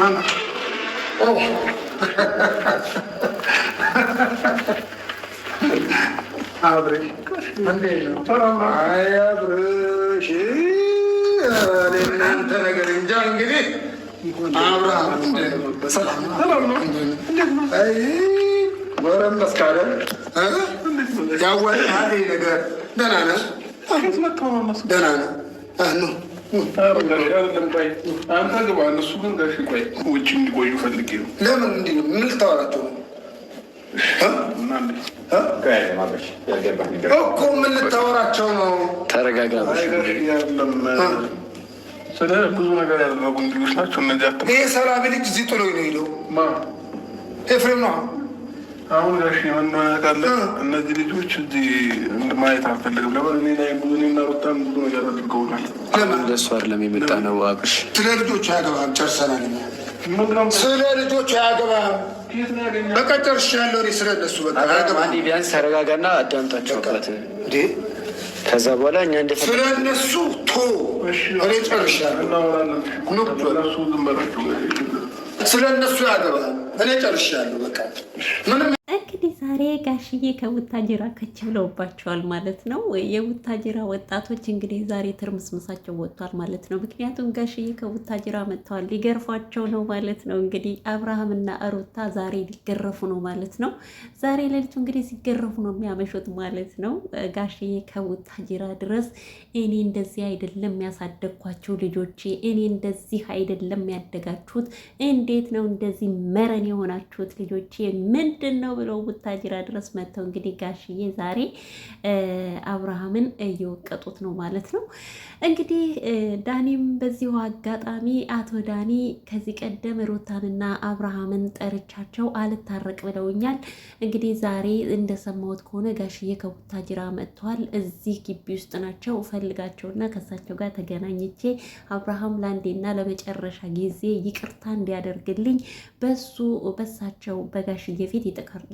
አብርሽ አብርሽ እናንተ ነገር እንጃ እንግዲህ አብርሃም ደህና ነህ አንተ ግባ፣ እነሱ ግን ጋሽ ቆይ፣ ውጭ እንዲቆዩ ፈልጌ ነው። ለምን እንዲህ ነው? ምን ልታወራቸው እኮ ምን ልታወራቸው ነው? ተረጋጋ። ስለ ብዙ ነገር ያደረጉ እንዲዎች እነዚህ። ይሄ ሰላቢ ልጅ እዚህ ጥሎ ነው የሄደው። ኤፍሬም ነው አሁን ጋሽ ምን ካለ እነዚህ ልጆች እዚህ ማየት አልፈልግም። ለምን እኔ ላይ ብዙ እኔና በጣም ብዙ ነገር አድርገውናል። እንደሱ አይደለም የመጣ ነው። አብሽ ስለ ልጆች አያገባም። ጨርሰናል። ስለ ልጆች አያገባም። በቃ ጨርሻለሁ። ስለ እነሱ በቃ ቢያንስ ተረጋጋና አዳምጣቸው። ከዛ በኋላ እኛ እንደ ስለ እነሱ ቶ እኔ ጨርሻለሁ። ስለ እነሱ ያገባል። እኔ ጨርሻለሁ። በቃ ምንም ዛሬ ጋሽዬ ከቡታጅራ ከች ብለውባቸዋል ማለት ነው። የቡታጅራ ወጣቶች እንግዲህ ዛሬ ትርምስምሳቸው ወጥቷል ማለት ነው። ምክንያቱም ጋሽዬ ከቡታጅራ መጥተዋል፣ ሊገርፏቸው ነው ማለት ነው። እንግዲህ አብርሃምና ሩታ ዛሬ ሊገረፉ ነው ማለት ነው። ዛሬ ሌሊቱ እንግዲህ ሲገረፉ ነው የሚያመሹት ማለት ነው። ጋሽዬ ከቡታጅራ ድረስ እኔ እንደዚህ አይደለም ያሳደግኳቸው ልጆቼ፣ እኔ እንደዚህ አይደለም ያደጋችሁት፣ እንዴት ነው እንደዚህ መረን የሆናችሁት ልጆቼ ምንድን ነው ብለው ቡታጅራ ቡታጅራ ድረስ መጥተው እንግዲህ ጋሽዬ ዛሬ አብርሃምን እየወቀጡት ነው ማለት ነው። እንግዲህ ዳኒም በዚሁ አጋጣሚ አቶ ዳኒ ከዚህ ቀደም ሩታንና አብርሃምን ጠርቻቸው አልታረቅ ብለውኛል። እንግዲህ ዛሬ እንደሰማሁት ከሆነ ጋሽዬ ከቡታጅራ መጥተዋል። እዚህ ግቢ ውስጥ ናቸው። ፈልጋቸውና ከሳቸው ጋር ተገናኝቼ አብርሃም ለአንዴና ለመጨረሻ ጊዜ ይቅርታ እንዲያደርግልኝ በሱ በሳቸው በጋሽዬ ፊት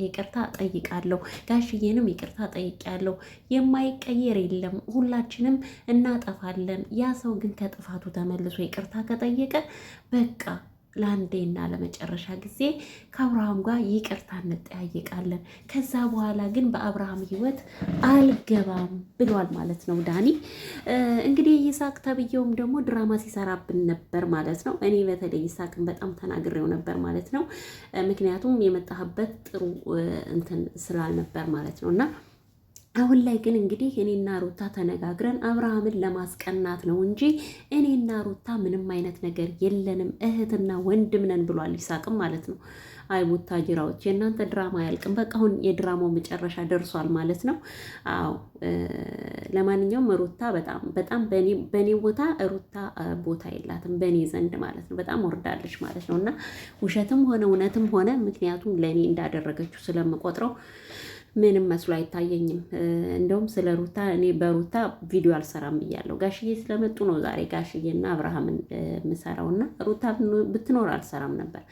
ይቅርታ እጠይቃለሁ። ጋሽዬንም ይቅርታ ጠይቄያለሁ። የማይቀየር የለም፣ ሁላችንም እናጠፋለን። ያ ሰው ግን ከጥፋቱ ተመልሶ ይቅርታ ከጠየቀ በቃ ለአንዴና ለመጨረሻ ጊዜ ከአብርሃም ጋር ይቅርታ እንጠያየቃለን። ከዛ በኋላ ግን በአብርሃም ሕይወት አልገባም ብሏል ማለት ነው ዳኒ። እንግዲህ ይሳቅ ተብዬውም ደግሞ ድራማ ሲሰራብን ነበር ማለት ነው። እኔ በተለይ ይሳቅን በጣም ተናግሬው ነበር ማለት ነው። ምክንያቱም የመጣህበት ጥሩ እንትን ስላልነበር ማለት ነው እና አሁን ላይ ግን እንግዲህ እኔና ሩታ ተነጋግረን አብርሃምን ለማስቀናት ነው እንጂ እኔና ሩታ ምንም አይነት ነገር የለንም፣ እህትና ወንድም ነን ብሏል። ይሳቅም ማለት ነው። አይ ጅራዎች፣ የእናንተ ድራማ አያልቅም። በቃ አሁን የድራማው መጨረሻ ደርሷል ማለት ነው። አዎ፣ ለማንኛውም ሩታ በጣም በጣም በእኔ ቦታ ሩታ ቦታ የላትም በእኔ ዘንድ ማለት ነው። በጣም ወርዳለች ማለት ነው። እና ውሸትም ሆነ እውነትም ሆነ ምክንያቱም ለእኔ እንዳደረገችው ስለምቆጥረው ምንም መስሎ አይታየኝም። እንደውም ስለ ሩታ እኔ በሩታ ቪዲዮ አልሰራም ብያለሁ። ጋሽዬ ስለመጡ ነው ዛሬ ጋሽዬና አብርሃምን የምሰራው እና ሩታ ብትኖር አልሰራም ነበር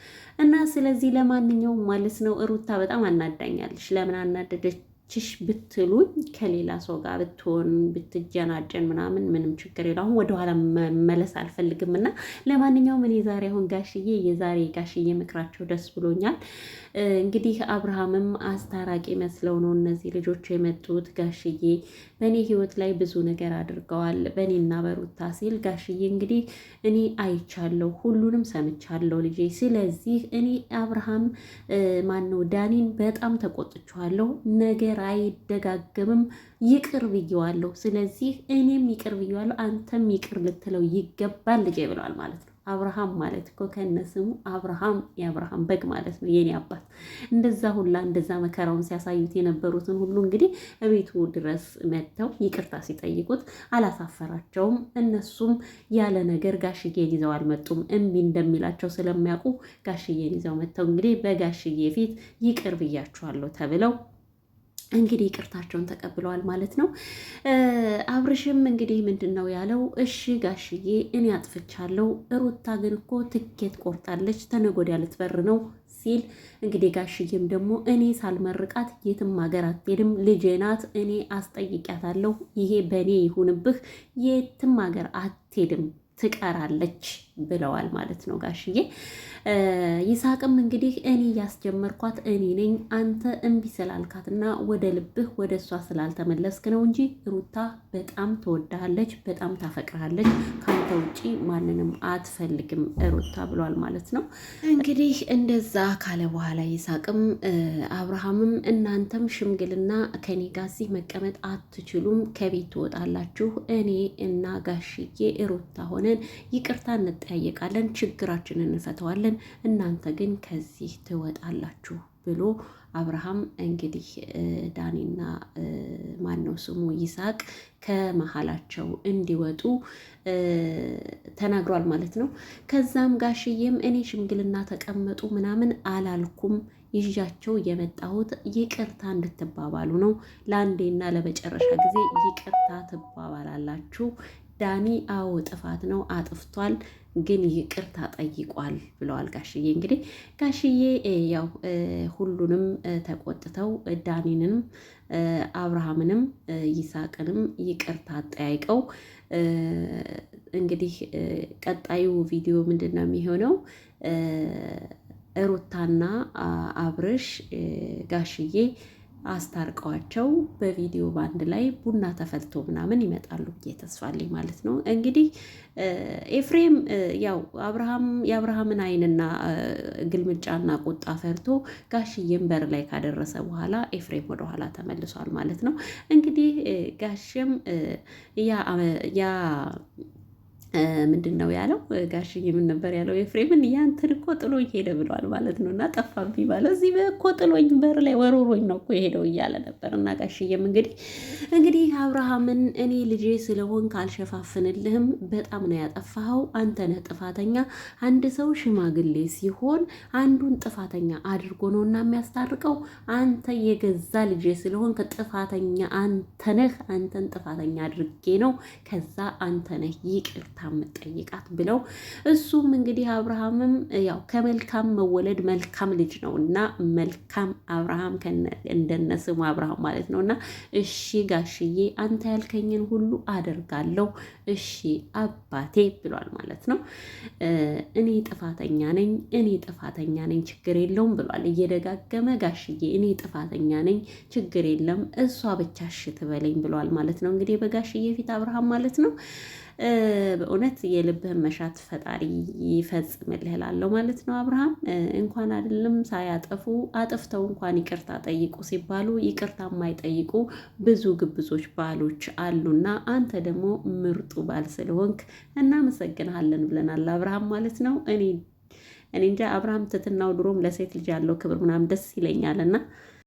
እና ስለዚህ ለማንኛውም ማለት ነው ሩታ በጣም አናዳኛለች። ለምን አናደደች ችሽ ብትሉኝ ከሌላ ሰው ጋር ብትሆን ብትጀናጀን ምናምን ምንም ችግር የለ። አሁን ወደኋላ መመለስ አልፈልግም እና ለማንኛውም እኔ ዛሬ አሁን ጋሽዬ የዛሬ ጋሽዬ ምክራቸው ደስ ብሎኛል። እንግዲህ አብርሃምም አስታራቂ መስለው ነው እነዚህ ልጆች የመጡት። ጋሽዬ በእኔ ህይወት ላይ ብዙ ነገር አድርገዋል በእኔና በሩታ ሲል ጋሽዬ እንግዲህ እኔ አይቻለሁ፣ ሁሉንም ሰምቻለሁ ልጄ። ስለዚህ እኔ አብርሃም ማነው ዳኒን በጣም ተቆጥቼዋለሁ ነገር ነገር አይደጋገምም፣ ይቅር ብየዋለሁ። ስለዚህ እኔም ይቅር ብየዋለሁ፣ አንተም ይቅር ልትለው ይገባል ልጄ ብለዋል ማለት ነው። አብርሃም ማለት እኮ ከነ ስሙ አብርሃም የአብርሃም በግ ማለት ነው። የኔ አባት እንደዛ ሁላ እንደዛ መከራውን ሲያሳዩት የነበሩትን ሁሉ እንግዲህ እቤቱ ድረስ መጥተው ይቅርታ ሲጠይቁት አላሳፈራቸውም። እነሱም ያለ ነገር ጋሽዬን ይዘው አልመጡም። እምቢ እንደሚላቸው ስለሚያውቁ ጋሽዬን ይዘው መጥተው እንግዲህ በጋሽዬ ፊት ይቅር ብያችኋለሁ ተብለው እንግዲህ ይቅርታቸውን ተቀብለዋል ማለት ነው። አብርሽም እንግዲህ ምንድን ነው ያለው? እሺ ጋሽዬ እኔ አጥፍቻለሁ፣ ሩታ ግን እኮ ትኬት ቆርጣለች፣ ተነገ ወዲያ ልትበር ነው ሲል እንግዲህ ጋሽዬም ደግሞ እኔ ሳልመርቃት የትም ሀገር አትሄድም፣ ልጄ ናት፣ እኔ አስጠይቂያታለሁ፣ ይሄ በእኔ ይሁንብህ፣ የትም ሀገር አትሄድም ትቀራለች ብለዋል ማለት ነው ጋሽዬ። ይሳቅም እንግዲህ እኔ ያስጀመርኳት እኔ ነኝ፣ አንተ እምቢ ስላልካትና ወደ ልብህ ወደ እሷ ስላልተመለስክ ነው እንጂ ሩታ በጣም ትወድሃለች፣ በጣም ታፈቅርሃለች፣ ከአንተ ውጪ ማንንም አትፈልግም ሩታ ብሏል ማለት ነው። እንግዲህ እንደዛ ካለ በኋላ ይሳቅም አብርሃምም እናንተም ሽምግልና ከኔ ጋር እዚህ መቀመጥ አትችሉም፣ ከቤት ትወጣላችሁ፣ እኔ እና ጋሽዬ ሩታ ሆነ ሆነን ይቅርታ እንጠያየቃለን፣ ችግራችንን እንፈተዋለን፣ እናንተ ግን ከዚህ ትወጣላችሁ ብሎ አብርሃም እንግዲህ ዳኒና ማነው ስሙ ይስሐቅ ከመሀላቸው እንዲወጡ ተናግሯል ማለት ነው። ከዛም ጋሽዬም እኔ ሽምግልና ተቀመጡ ምናምን አላልኩም ይዣቸው የመጣሁት ይቅርታ እንድትባባሉ ነው። ለአንዴና ለመጨረሻ ጊዜ ይቅርታ ትባባላላችሁ ዳኒ አዎ ጥፋት ነው አጥፍቷል፣ ግን ይቅርታ ጠይቋል ብለዋል ጋሽዬ። እንግዲህ ጋሽዬ ያው ሁሉንም ተቆጥተው ዳኒንም አብርሃምንም ይሳቅንም ይቅርታ አጠያይቀው እንግዲህ ቀጣዩ ቪዲዮ ምንድን ነው የሚሆነው? ሩታና አብርሽ ጋሽዬ አስታርቀዋቸው በቪዲዮ ባንድ ላይ ቡና ተፈልቶ ምናምን ይመጣሉ ብዬ ተስፋልኝ ማለት ነው። እንግዲህ ኤፍሬም ያው አብርሃም የአብርሃምን አይንና ግልምጫና ቁጣ ፈርቶ ጋሽዬም በር ላይ ካደረሰ በኋላ ኤፍሬም ወደኋላ ተመልሷል ማለት ነው። እንግዲህ ጋሽም ያ ምንድን ነው ያለው? ጋሽዬ ምን ነበር ያለው? ኤፍሬምን ያንትን እኮ ጥሎኝ ሄደ ብለዋል ማለት ነው። እና ጠፋብኝ ባለው እዚህ እኮ ጥሎኝ በር ላይ ወሮሮኝ ነው እኮ የሄደው እያለ ነበር። እና ጋሽዬም እንግዲህ እንግዲህ አብርሃምን እኔ ልጄ ስለሆን ካልሸፋፍንልህም በጣም ነው ያጠፋኸው፣ አንተ ነህ ጥፋተኛ። አንድ ሰው ሽማግሌ ሲሆን አንዱን ጥፋተኛ አድርጎ ነው እና የሚያስታርቀው። አንተ የገዛ ልጄ ስለሆን ከጥፋተኛ አንተ ነህ። አንተን ጥፋተኛ አድርጌ ነው ከዛ አንተ ነህ ይቅር ይቅርታም መጠይቃት ብለው እሱም እንግዲህ አብርሃምም ያው ከመልካም መወለድ መልካም ልጅ ነው እና መልካም አብርሃም እንደነስሙ አብርሃም ማለት ነው እና እሺ ጋሽዬ አንተ ያልከኝን ሁሉ አደርጋለሁ እሺ አባቴ ብሏል ማለት ነው። እኔ ጥፋተኛ ነኝ፣ እኔ ጥፋተኛ ነኝ፣ ችግር የለውም ብሏል እየደጋገመ ጋሽዬ እኔ ጥፋተኛ ነኝ፣ ችግር የለም እሷ ብቻ እሺ ትበለኝ ብሏል ማለት ነው። እንግዲህ በጋሽዬ ፊት አብርሃም ማለት ነው። በእውነት የልብህን መሻት ፈጣሪ ይፈጽምልህ እላለሁ ማለት ነው። አብርሃም እንኳን አይደለም ሳያጠፉ አጥፍተው እንኳን ይቅርታ ጠይቁ ሲባሉ ይቅርታ የማይጠይቁ ብዙ ግብዞች ባሎች አሉና አንተ ደግሞ ምርጡ ባል ስለሆንክ እናመሰግንሃለን ብለናል አብርሃም ማለት ነው። እኔ እኔ እንጃ አብርሃም ትትናው ድሮም ለሴት ልጅ ያለው ክብር ምናምን ደስ ይለኛልና